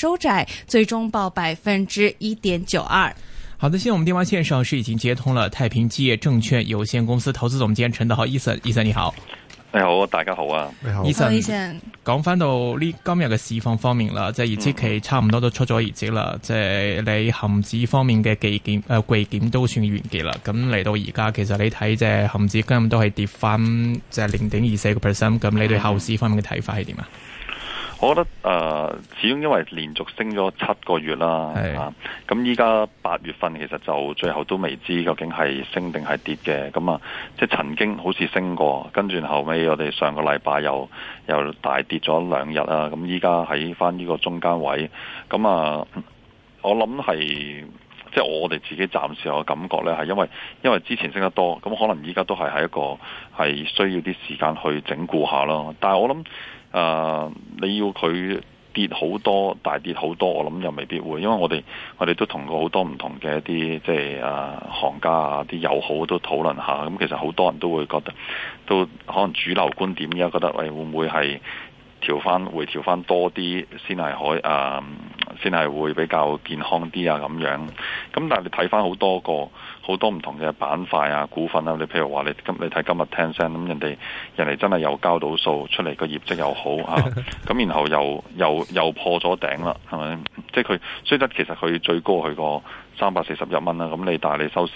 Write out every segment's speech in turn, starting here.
收窄，最終報百分之一點九二。好的，現在我們電話線上是已經接通了太平基業證券有限公司投資總監陳德豪醫生，醫生你好。醫生，醫生，你好，大家好啊。你好，醫生。講翻到呢今日嘅市況方面啦，即係業績期差唔多都出咗業績啦。即係、嗯、你恒指方面嘅季檢誒季檢都算完結啦。咁嚟到而家，其實你睇即係恒指今日都係跌翻即係零點二四個 percent。咁你對後市方面嘅睇法係點啊？嗯我覺得誒、呃，始終因為連續升咗七個月啦，咁依家八月份其實就最後都未知究竟係升定係跌嘅，咁啊，即係曾經好似升過，跟住後尾我哋上個禮拜又又大跌咗兩日啦、啊，咁依家喺翻呢個中間位，咁啊，我諗係即係我哋自己暫時有嘅感覺呢，係因為因為之前升得多，咁可能依家都係喺一個係需要啲時間去整固下咯，但係我諗。啊！Uh, 你要佢跌好多，大跌好多，我諗又未必會，因為我哋我哋都同過好多唔同嘅一啲即係啊、uh, 行家啊啲友好都討論下，咁、嗯、其實好多人都會覺得，都可能主流觀點而家覺得，喂、哎、會唔會係調翻會調翻多啲先係可啊，先、uh, 係會比較健康啲啊咁樣，咁、嗯、但係你睇翻好多個。好多唔同嘅板塊啊，股份啦、啊，你譬如話你，你今你睇今日騰訊咁，人哋人哋真係又交到數出嚟，個業績又好嚇，咁、 啊、然後又又又破咗頂啦，係咪？即係佢雖則其實佢最高去過三百四十一蚊啦，咁你但係你收市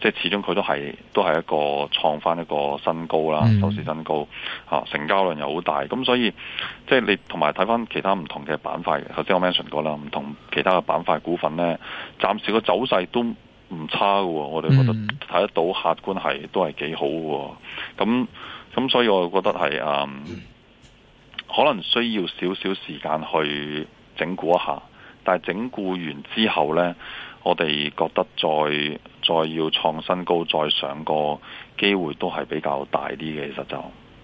即係始終佢都係都係一個創翻一個新高啦，收市新高嚇、 啊，成交量又好大，咁所以即係你同埋睇翻其他唔同嘅板塊，頭先我 mention 過啦，唔同其他嘅板塊股份咧，暫時個走勢都。都唔差嘅，我哋覺得睇得到客觀係都係幾好嘅，咁咁所以我覺得係啊、嗯，可能需要少少時間去整固一下，但係整固完之後咧，我哋覺得再再要創新高再上個機會都係比較大啲嘅，其實就。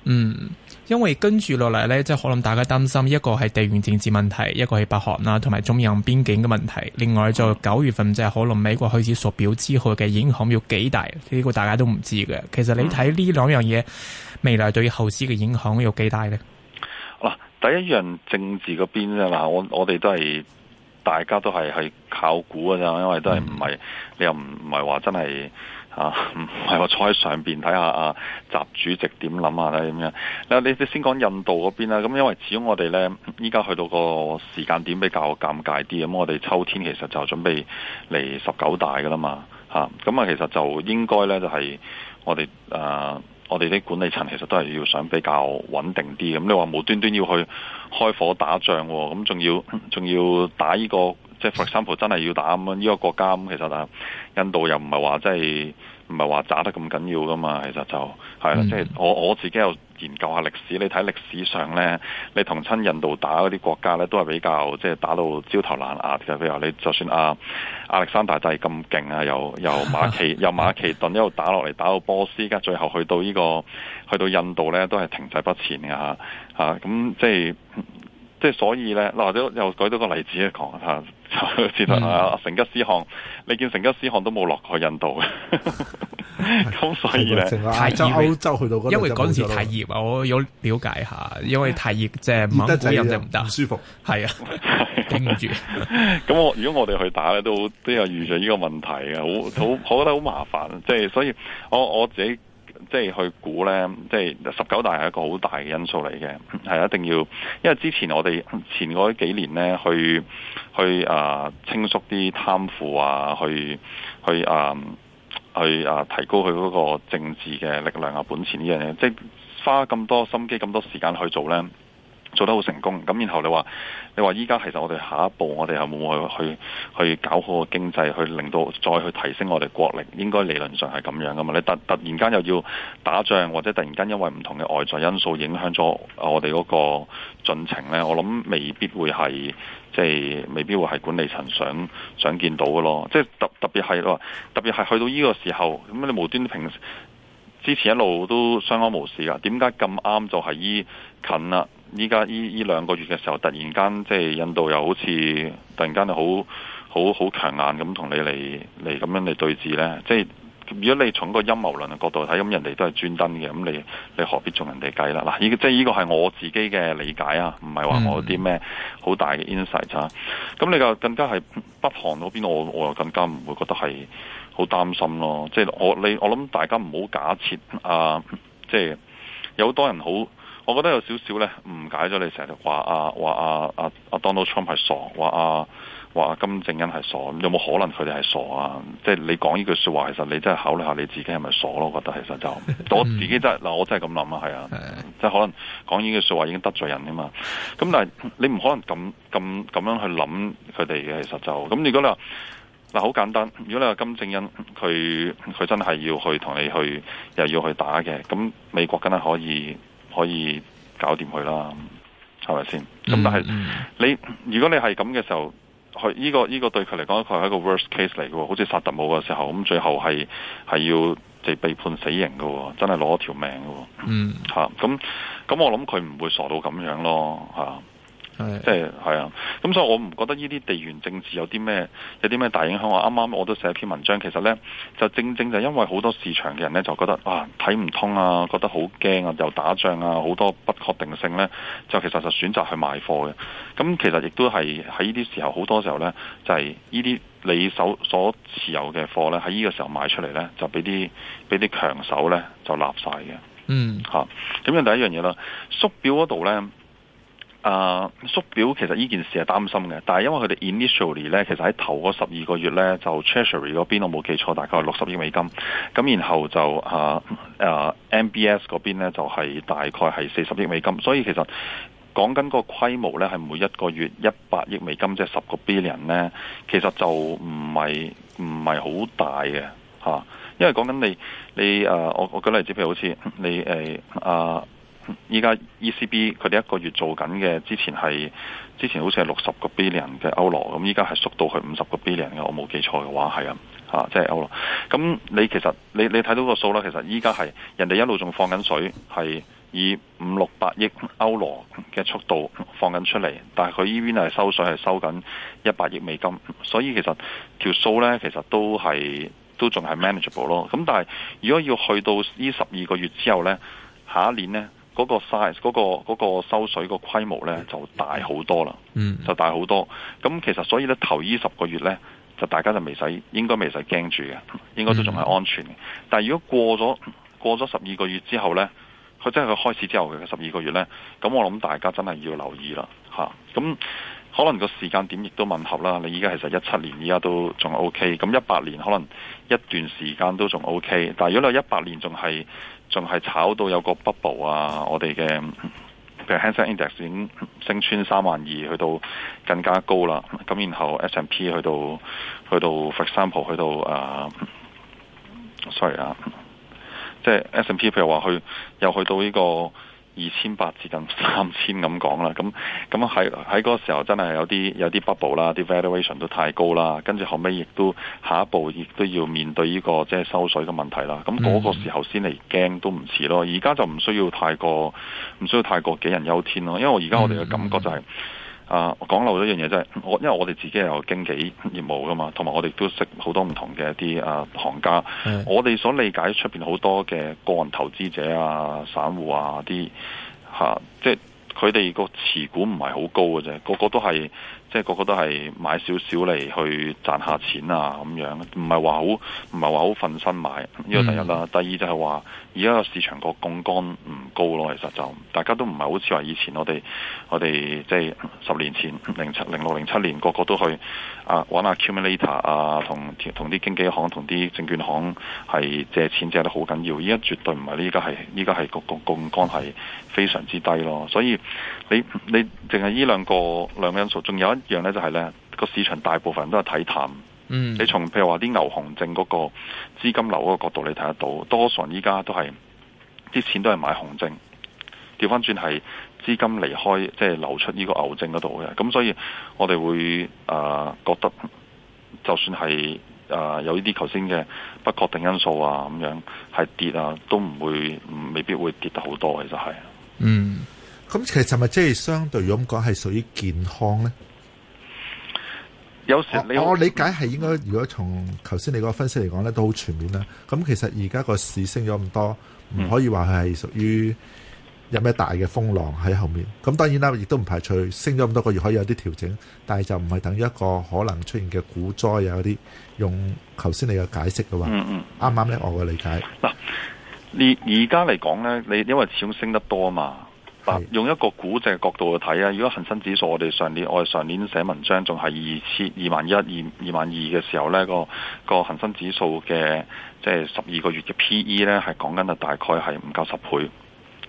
嗯，因為跟住落嚟呢，即係可能大家擔心一個係地緣政治問題，一個係北韓啦，同埋中印邊境嘅問題。另外就九月份就係可能美國開始縮表之後嘅影響要幾大呢，呢個大家都唔知嘅。其實你睇呢兩樣嘢，嗯，未來對後市嘅影響有幾大呢？嗱，第一樣政治嗰邊呢，我我哋都係大家都係去考古嘅咋，因為都係唔係你又唔唔係話真係。 看看啊，唔係我坐喺上邊睇下啊習主席點諗下。咧咁樣。你你先講印度嗰邊啦，咁因為始終我哋咧依家去到個時間點比較尷尬啲，咁我哋秋天其實就準備嚟十九大噶啦嘛，嚇。咁啊，其實就應該咧就係、是、我哋啊，我哋啲管理層其實都係要想比較穩定啲。咁你話無端端要去開火打仗，咁仲要仲要打呢、呢個。即係 For example 真係要打咁，呢、這個國家咁，其實打印度又唔係話即係唔係話打得咁緊要噶嘛，其實就係啦。即係、就是、我我自己又研究下歷史，你睇歷史上咧，你同親印度打嗰啲國家咧，都係比較即係、就是、打到焦頭爛額嘅。譬如你就算阿亞歷山大帝咁勁啊，由由馬其由 馬其頓一路打落嚟，打到波斯，而家最後去到呢、這個去到印度咧，都係停滯不前嘅吓吓。咁、啊嗯、即係。即係所以咧，嗱，者又舉多個例子講下。就似得阿成吉思汗，你見成吉思汗都冇落過印度嘅，咁、 啊、所以咧太熱業，歐洲去到因為嗰陣時太熱啊，我有了解下，因為太熱即係蒙古人就唔得，唔舒服，係啊。咁我如果我哋去打咧，都都有遇上呢個問題嘅，好好，我覺得好麻煩，即係 所以，所以所以我我，我自己。即係去估呢，即係十九大係一個好大嘅因素嚟嘅，係一定要，因為之前我哋前嗰幾年呢，去去啊清肅啲貪腐啊，去去啊去啊提高佢嗰個政治嘅力量啊本錢呢樣嘢，即係花咁多心機，咁多時間去做呢。做得好成功，咁然後你話，你話依家其實我哋下一步我哋有冇去去搞好個經濟，去令到再去提升我哋國力，應該理論上係咁樣噶嘛？你突突然間又要打仗，或者突然間因為唔同嘅外在因素影響咗我哋嗰個進程呢。我諗未必會係即係未必會係管理層想想見到嘅咯。即係特特別係咯，特別係去到呢個時候，咁你無端平之前一路都相安無事噶，點解咁啱就係依近啦？依家依依兩個月嘅時候，突然間即係印度又好似突然間好好好強硬咁同你嚟嚟咁樣嚟對峙咧。即係如果你從個陰謀論嘅角度睇，咁人哋都係專登嘅，咁你你何必中人哋計呢啦？嗱，依即係呢個係我自己嘅理解啊，唔係話我有啲咩好大嘅 insight 咋，啊，咁你就更加係北韓嗰邊我，我我又更加唔會覺得係好擔心咯。即係我你我諗大家唔好假設啊，即係有好多人好。我覺得有少少咧誤解咗你，成日話啊話啊啊啊 Donald Trump 係傻，話啊話、啊啊啊、金正恩係傻，有冇可能佢哋係傻啊？即係你講呢句說話，其實你真係考慮下你自己係咪傻咯、啊？我覺得其實就我自己真係嗱，我真係咁諗啊，係啊，即係可能講呢句說話已經得罪人㗎嘛。咁但係你唔可能咁咁咁樣去諗佢哋嘅，其實就咁。如果你話嗱好簡單，如果你話金正恩佢佢真係要去同你去又要去打嘅，咁美國梗係可以。可以搞掂佢啦，係咪先？咁但係你如果你係咁嘅時候，呢、這個依、這個對佢嚟講，佢係一個 worst case 嚟嘅，好似薩特姆嘅時候，咁、嗯、最後係係要就被判死刑嘅，真係攞條命嘅。吓咁咁，啊、我諗佢唔會傻到咁樣咯，吓、啊。即係係啊，咁所以我唔覺得呢啲地緣政治有啲咩有啲咩大影響。我啱啱我都寫一篇文章，其實呢就正正就因為好多市場嘅人呢，就覺得啊睇唔通啊，覺得好驚啊，又打仗啊，好多不確定性呢，就其實就選擇去賣貨嘅。咁其實亦都係喺呢啲時候，好多時候呢就係呢啲你手所持有嘅貨呢，喺呢個時候賣出嚟呢，就俾啲俾啲強手呢就立晒嘅。嗯，嚇咁樣第一樣嘢啦，縮表嗰度呢，啊，uh, 縮表其實呢件事係擔心嘅，但係因為佢哋 initially 咧，其實喺頭嗰十二個月咧，就 Treasury 嗰邊我冇記錯，大概係六十億美金，咁然後就啊啊 MBS 嗰邊咧就係、是、大概係四十億美金，所以其實講緊嗰個規模咧係每一個月一百億美金，即係十個 billion 咧，其實就唔係唔係好大嘅嚇、啊，因為講緊你你啊，uh, 我我舉例子，譬如好似你誒啊。Uh, 依家 ECB 佢哋一個月做緊嘅，之前係之前好似係六十個 billion 嘅歐羅，咁依家係縮到去五十個 billion 嘅。我冇記錯嘅話係啊，吓、就是，即係歐羅。咁你其實你你睇到個數啦，其實依家係人哋一路仲放緊水，係以五六百億歐羅嘅速度放緊出嚟，但係佢依邊係收水，係收緊一百億美金。所以其實條數呢，其實都係都仲係 manageable 咯。咁但係如果要去到呢十二個月之後呢，下一年呢。嗰個 size，嗰個嗰個收水個規模呢就大好多啦，嗯，就大好多，多。咁其實所以呢，頭依十個月呢，就大家就未使，應該未使驚住嘅，應該都仲係安全嘅。但係如果過咗過咗十二個月之後呢，佢真係佢開始之後嘅十二個月呢，咁我諗大家真係要留意啦，嚇、啊。咁可能個時間點亦都吻合啦。你而家其實一七年依家都仲 OK，咁一八年可能一段時間都仲 OK，但係如果你一八年仲係。仲係炒到有個 bubble 啊，我哋嘅譬如 Hang Seng index 已經升穿三萬二，去到更加高啦。咁然後 S and P 去到去到 for example 去到啊，uh，sorry 啊，即係 S and P，譬如話去又去到呢，這個。二千八接近三千咁講啦，咁咁喺喺嗰個時候真係有啲有啲 bubble 啦，啲 valuation 都太高啦，跟住後尾亦都下一步亦都要面對呢個即係收水嘅問題啦。咁嗰個時候先嚟驚都唔遲咯，而家就唔需要太過唔需要太過杞人憂天咯，因為我而家我哋嘅感覺就係。嗯嗯嗯嗯啊，講漏咗一樣嘢啫，我因為我哋自己有經紀業務㗎嘛，同埋我哋都識好多唔同嘅一啲啊行家，的我哋所理解出邊好多嘅個人投資者啊、散戶啊啲嚇、啊，即係佢哋個持股唔係好高嘅啫，個個都係。即係個個都係買少少嚟去賺下錢啊咁樣，唔係話好唔係話好瞓身買。呢個第一啦，嗯、第二就係話而家個市場個槓桿唔高咯。其實就大家都唔係好似話以前我哋我哋即係十年前零七零六零七年個個都去啊揾啊 accumulator 啊同同啲經紀行同啲證券行係借錢借得好緊要。依家絕對唔係，依家係依家係個個槓桿係非常之低咯。所以你你淨係呢兩個兩個因素，仲有一，一樣咧，就係咧，個市場大部分都係睇淡，嗯、你從譬如話啲牛熊證嗰個資金流嗰個角度你睇得到，多數依家都係啲錢都係買熊證，調翻轉係資金離開即係、就是、流出呢個牛證嗰度嘅，咁所以我哋會誒、呃、覺得就算係誒、呃、有呢啲頭先嘅不確定因素啊咁樣，係跌啊，都唔會未必會跌得好多其實係。嗯，咁其實係咪即係相對咁講係屬於健康咧？有時我你好我理解係應該，如果從頭先你嗰個分析嚟講咧，都好全面啦。咁其實而家個市升咗咁多，唔可以話係屬於有咩大嘅風浪喺後面。咁當然啦，亦都唔排除升咗咁多個月可以有啲調整，但係就唔係等於一個可能出現嘅股災啊啲。用頭先你嘅解釋嘅話，嗯嗯，啱啱咧我嘅理解。嗱，你而家嚟講咧，你因為始終升得多啊嘛。嗱，是用一個估值嘅角度去睇啊！如果恒生指數，我哋上年我哋上年寫文章仲係二千二萬一、二二萬二嘅時候呢，個個恆生指數嘅即係十二個月嘅 PE 呢，係講緊大概係唔夠十倍。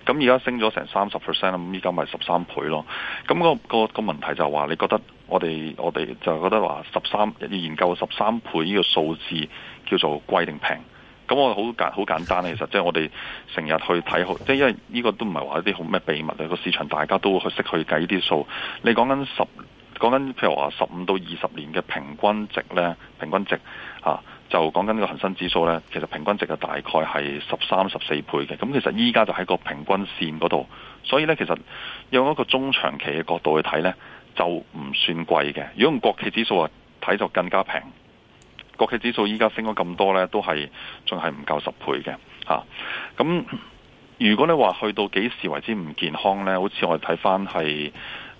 咁而家升咗成三十 percent，咁依家咪十三倍咯。咁，個個個問題就係話，你覺得我哋我哋就覺得話十三要研究十三倍呢個數字叫做貴定平？咁我好簡好簡單，其實即係我哋成日去睇好，即係因為呢個都唔係話一啲好咩秘密啊！個市場大家都會去識去計啲數。你講緊十講緊譬如話十五到二十年嘅平均值咧，平均值嚇、啊、就講緊呢個恒生指數咧，其實平均值啊大概係十三十四倍嘅。咁其實依家就喺個平均線嗰度，所以咧其實用一個中長期嘅角度去睇咧，就唔算貴嘅。如果用國企指數啊睇就更加平。國企指數依家升咗咁多呢，都係仲係唔夠十倍嘅嚇。咁、啊、如果你話去到幾時為之唔健康呢？好似我哋睇翻係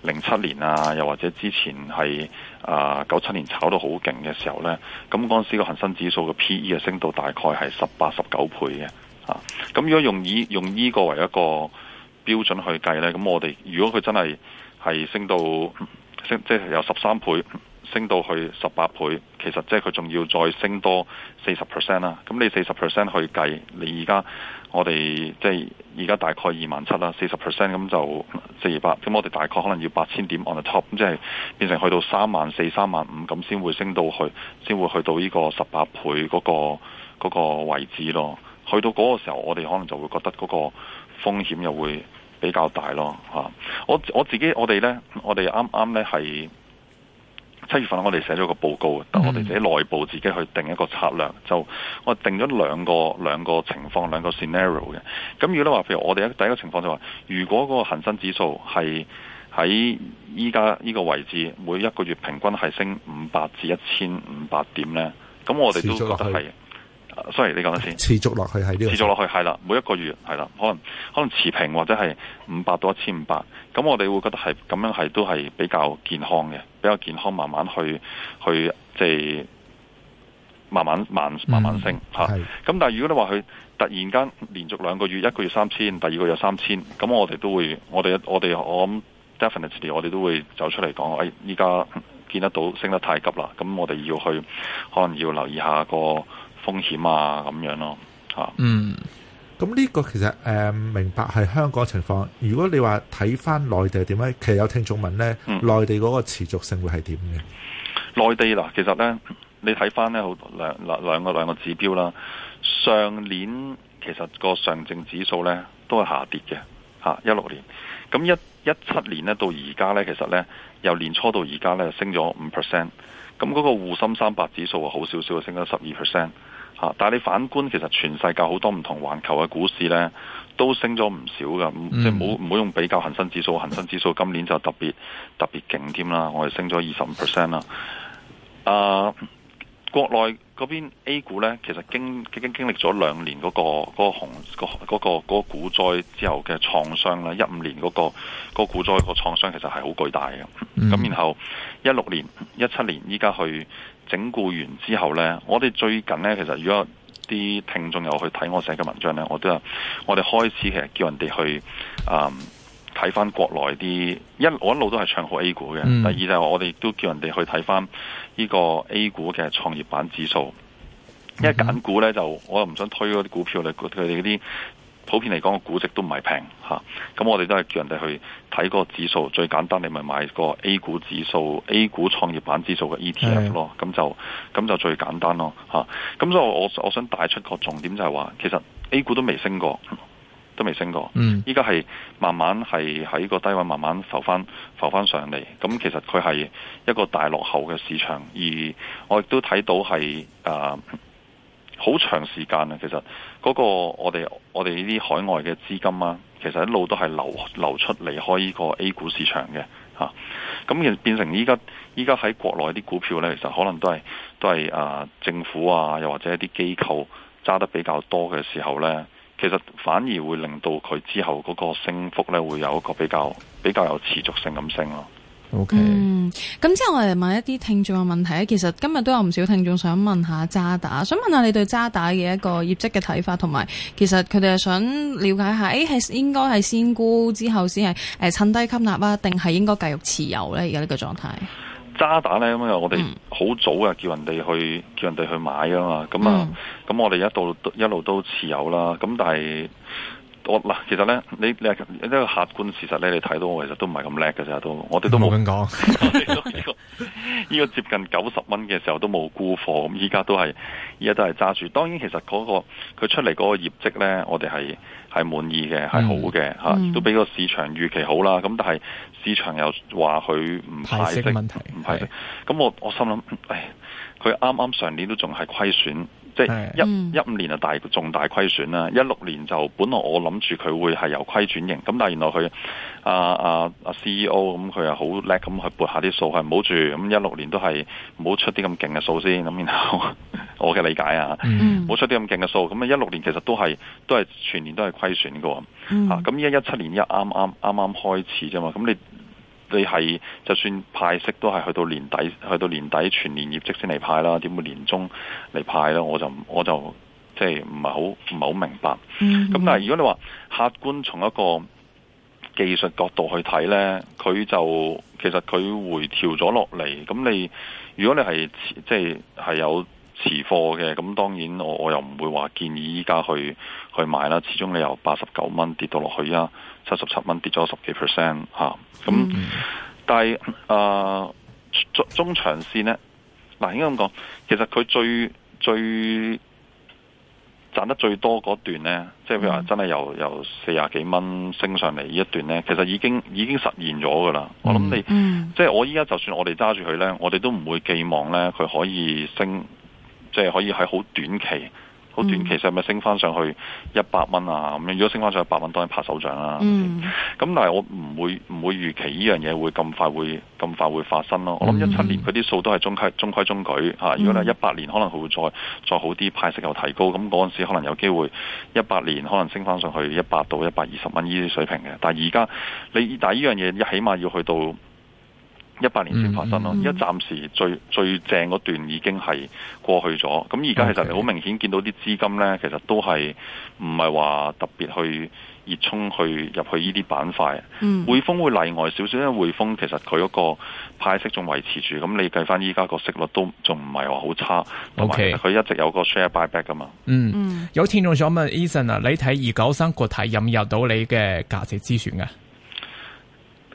零七年啊，又或者之前係啊九七年炒到好勁嘅時候呢。咁嗰陣時個恒生指數嘅 P/E 啊升到大概係十八、十九倍嘅嚇。咁、啊、如果用以用呢個為一個標準去計呢，咁我哋如果佢真係係升到、嗯、升，即係有十三倍。升到去十八倍，其實即係佢仲要再升多四十 percent 啦。咁你四十 percent 去計，你而家我哋即係而家大概二萬七啦，四十 percent 咁就四二八。咁我哋大概可能要八千點 on the top，即係變成去到三萬四、三萬五咁先會升到去，先會去到呢個十八倍嗰個嗰個位置咯。去到嗰個時候，我哋可能就會覺得嗰個風險又會比較大咯。嚇！我我自己我哋呢，我哋啱啱呢係。七月份我哋寫咗個報告，但我哋自己內部自己去定一個策略，就我定咗兩個兩個情況，兩個 scenario 嘅。咁如果你話譬如我哋第一個情況就話，如果個恒生指數係喺依家呢個位置，每一個月平均係升五百至一千五百點呢，咁我哋都覺得係。Sorry，你講先，持續落去係呢，持續落去係啦，每一個月係啦，可能可能持平或者係五百到一千五百，咁我哋會覺得係咁樣係都係比較健康嘅，比較健康慢慢慢慢慢，慢慢去去即係慢慢慢慢慢升嚇。咁但係如果你話佢突然間連續兩個月一個月三千，第二個月三千，咁我哋都會我哋我哋我諗 definitely 我哋都會走出嚟講，誒依家見得到升得太急啦，咁我哋要去可能要留意下個風險啊，咁樣咯、啊，吓，嗯，咁呢個其實誒、呃、明白係香港情況。如果你話睇翻內地點咧，其實有聽眾問咧，內、嗯、地嗰個持續性會係點嘅？內地嗱，其實咧你睇翻咧好兩兩兩個兩個指標啦。上年其實個上證指數咧都係下跌嘅，吓，一六年，咁一一七年咧到而家咧，其實咧由年初到而家咧升咗五 percent，咁嗰個滬深三百指數啊好少少升咗十二 percent。吓、啊！但係你反觀，其實全世界好多唔同環球嘅股市咧，都升咗唔少噶。嗯、即係唔好唔好用比較恒生指數，恒生指數今年就特別特別勁添啦，我哋升咗二十五 percent 啦。啊，國內嗰邊 A 股咧，其實經經經歷咗兩年嗰、嗰個嗰、嗰個熊、嗰個嗰個嗰個、股災之後嘅創傷啦，一五年嗰、嗰個嗰個股災個創傷其實係好巨大嘅。咁、嗯、然後一六年、一七年，依家去。整固完之後呢，我哋最近呢，其實如果啲聽眾有去睇我寫嘅文章呢，我都我哋開始其實叫人哋去啊睇翻國內啲一我一路都係唱好 A 股嘅。嗯、第二就係我哋都叫人哋去睇翻呢個 A 股嘅創業板指數，因為揀股呢，就我又唔想推嗰啲股票咧，佢哋嗰啲普遍嚟講個估值都唔係平嚇，咁、啊、我哋都係叫人哋去。睇個指數最簡單，你咪買個 A 股指數、 A 股創業板指數嘅 ETF 咯，咁 就咁就最簡單咯嚇。咁、啊、所以我我想帶出個重點就係話，其實 A 股都未升過，都未升過，依家係慢慢係喺個低位慢慢浮翻浮翻上嚟。咁其實佢係一個大落後嘅市場，而我亦都睇到係啊好長時間啊，其實嗰個我哋我哋呢啲海外嘅資金啊。其實一路都係流流出離開呢個 A 股市場嘅，吓咁，而變成依家依家喺國內啲股票呢，其實可能都係都係啊政府啊，又或者一啲機構揸得比較多嘅時候呢，其實反而會令到佢之後嗰個升幅呢，會有一個比較比較有持續性咁升咯啊。Okay. 嗯，咁之後我哋問一啲聽眾嘅問題咧。其實今日都有唔少聽眾想問下渣打，想問下你對渣打嘅一個業績嘅睇法，同埋其實佢哋係想了解下，誒、欸、係應該係先沽之後先係誒趁低吸納啊，定係應該繼續持有咧？而家呢個狀態？渣打咧因為、嗯、啊，嗯、我哋好早啊叫人哋去叫人哋去買啊嘛，咁啊咁我哋一路一路都持有啦，咁但係，我嗱，其實咧，你你一個客觀事實咧，你睇到我其實都唔係咁叻嘅咋，都我哋都冇咁講。呢個接近九十蚊嘅時候都冇沽貨，咁依家都係依家都係揸住。當然其實嗰、嗰個佢出嚟嗰個業績咧，我哋係係滿意嘅，係、嗯、好嘅嚇，嗯、都比個市場預期好啦。咁但係市場又話佢唔派息嘅問題，唔係。咁的我我心諗，唉，佢啱啱上年都仲係虧損。即係一一五、mm. 年啊，大，重大虧損啦。一六年就本來我諗住佢會係由虧轉型。咁但係原來佢啊啊啊 CEO，咁佢啊好叻咁去撥下啲數，係唔好住咁一六年都係唔好出啲咁勁嘅數先。咁然後 我嘅理解啊，唔好、mm. 出啲咁勁嘅數。咁啊一六年其實都係都係全年都係虧損噶。吓咁依家一七年一啱啱啱啱開始啫嘛，咁你。你係就算派息都係去到年底，去到年底全年業績先嚟派啦，點會年終嚟派咧？我就我就即係唔係好唔係好明白。咁、mm hmm. 但係如果你話客觀從一個技術角度去睇咧，佢就其實佢回調咗落嚟。咁你如果你係即係係有。持貨嘅，咁當然我我又唔會話建議依家去去買啦。始終你由八十九蚊跌到落去啊，七十七蚊跌咗十幾 percent 吓。咁、嗯、但係誒、呃、中、中長線呢，嗱、啊、應該咁講，其實佢最最賺得最多嗰段呢，即係譬如話真係由、嗯、由四廿幾蚊升上嚟一段呢，其實已經已經實現咗㗎啦。我諗你，嗯、即係我依家就算我哋揸住佢呢，我哋都唔會寄望呢，佢可以升。即係可以喺好短期、好短期，上咪升翻上去一百蚊啊？咁樣如果升翻上去一百蚊，當然拍手掌啦。咁、嗯、但係我唔會唔會預期呢樣嘢會咁快會咁快會發生咯。我諗一七年嗰啲數都係中規中規中矩嚇、啊。如果你一八年可能佢會再再好啲，派息又提高，咁嗰陣時可能有機會一八年可能升翻上去一百到一百二十蚊呢啲水平嘅。但係而家你但係呢樣嘢，起碼要去到。一八年先發生咯，而家、嗯、暫時最、嗯、最正嗰段已經係過去咗。咁而家其實你好明顯見到啲資金咧，其實都係唔係話特別去熱衷去入去呢啲板塊。匯、嗯、豐會例外少少，因為匯豐其實佢嗰個派息仲維持住。咁你計翻依家個息率都仲唔係話好差，同埋佢一直有個 share buy back 噶嘛。嗯，有聽眾想問 Eason 啊，你睇二九三國泰有冇入到你嘅價值之選啊？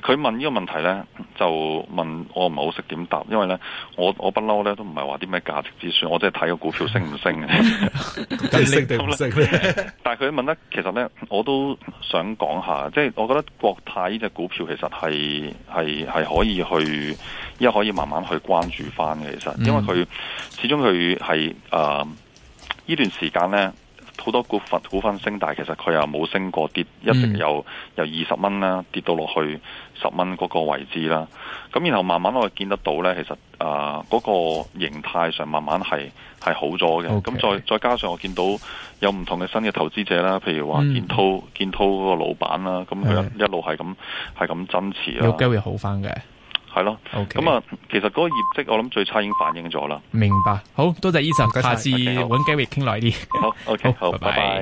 佢問呢個問題咧，就問我唔係好識點答，因為咧我我不嬲咧都唔係話啲咩價值之選，我即係睇個股票升唔升嘅，但係佢問咧，其實咧我都想講下，即係我覺得國泰呢隻股票其實係係係可以去，因為可以慢慢去關注翻嘅。其實因為佢始終佢係誒呢段時間咧。好多股份，股份升，但係其實佢又冇升過，跌，一直由由二十蚊啦跌到落去十蚊嗰個位置啦。咁然後慢慢我見得到咧，其實啊嗰，呃那個形態上慢慢係係好咗嘅。咁 Okay. 再再加上我見到有唔同嘅新嘅投資者啦，譬如話建滔建滔嗰個老闆啦，咁佢一路係咁係咁增持啦，Right. 有機會好翻嘅。係咯，OK，咁啊、嗯，其實嗰個業績我諗最差已經反映咗啦。明白，好多謝 Eason，我下次揾 Gary 傾耐啲。好，OK，好，拜拜。